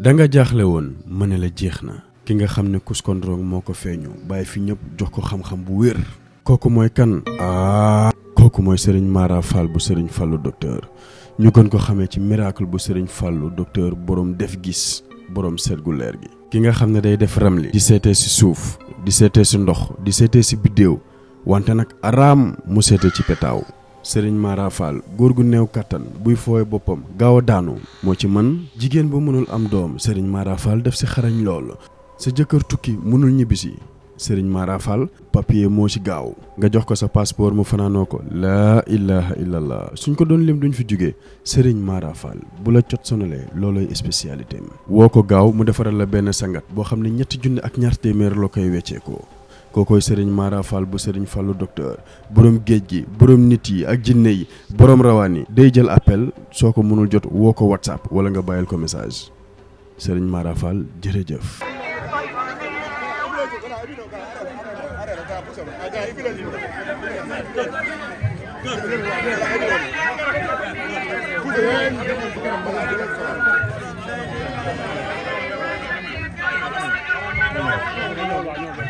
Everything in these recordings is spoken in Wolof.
da nga jaaxle woon ma ne la jeex na ki nga xam ne Kuskondorong moo ko feeñu bàyyi fi ñëpp jox ko xam-xam bu wér kooku mooy kan ah kooku mooy Serigne Mara bu Serigne Fallou docteur ñu gën ko xamee ci miracle bu Serigne Fallou docteur borom def gis borom seet gu leer gi ki nga xam ne day def ramli di seetee si suuf di seetee si ndox di seetee si biddéew wante nag araam mu seetee ci petaaw Serigne Mara Fall góor gu néew kattan buy fooy boppam gaaw a daanu moo ci man jigéen bu mënul am doom Serigne Mara def si xarañ lool sa jëkkër tukki mënul ñibbisi Serigne Mara Fall papier moo ci gaaw nga jox ko sa passeport mu fanaanoo ko laa ilaha illallah suñ ko doon lim duñ fi jóge Serigne Mara bu la cot sonalee looloy spécialité mi woo ko gaaw mu defaral la benn sangat boo xam ne ñetti junni ak ñaar téeméer loo koy weccee ko kookooy sëriñ Mara bu sëriñ Fallu docteur borom géej gi borom nit yi ak jinne yi borom rawaan yi day jël appel soo ko mënul jot woo ko whatsapp wala nga bàyyil ko message sëriñ Mara Fall jërëjëf.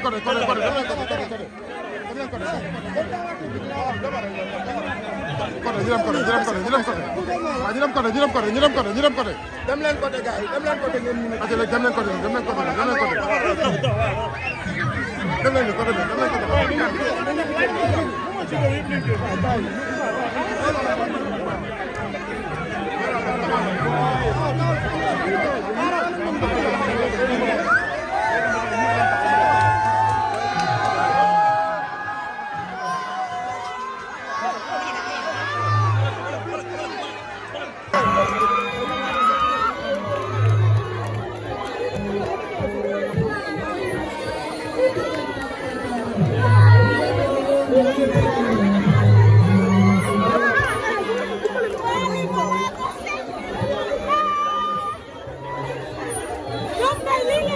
côté côté côté dem leen côté gars yi dem leen côté ngeen mën a. dem leen côté dem leen côté dem leen côté. dem leen côté dem leen côté.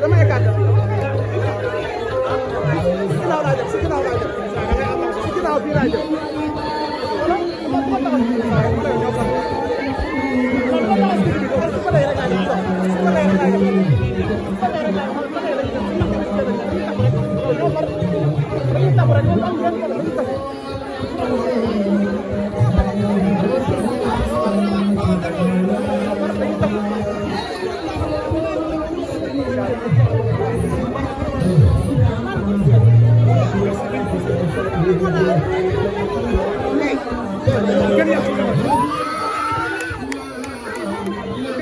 dama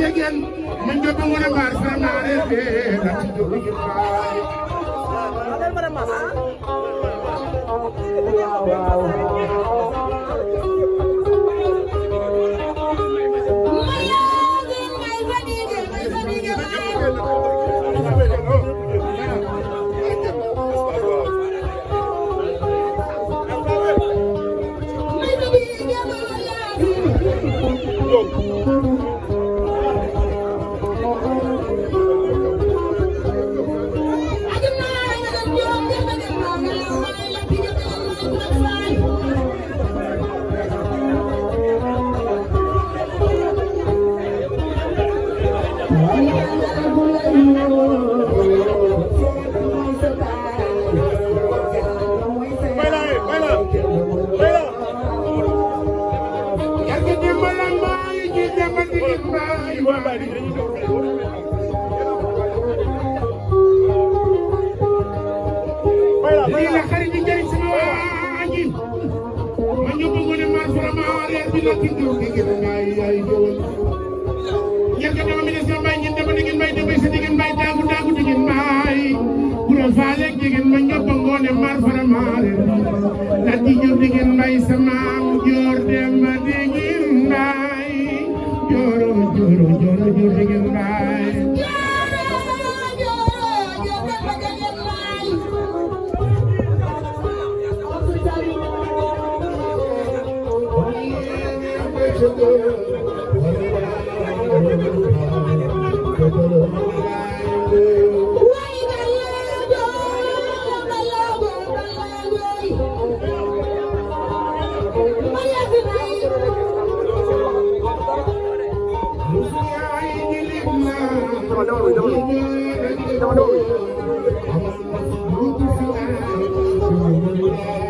degen min joɓe wona mbar sanare ɓe natiɗo ujur faay Thank you. Lati jur digin may sama jur dem digin Buongiorno, Giorgio. dama dama dama dama dama dama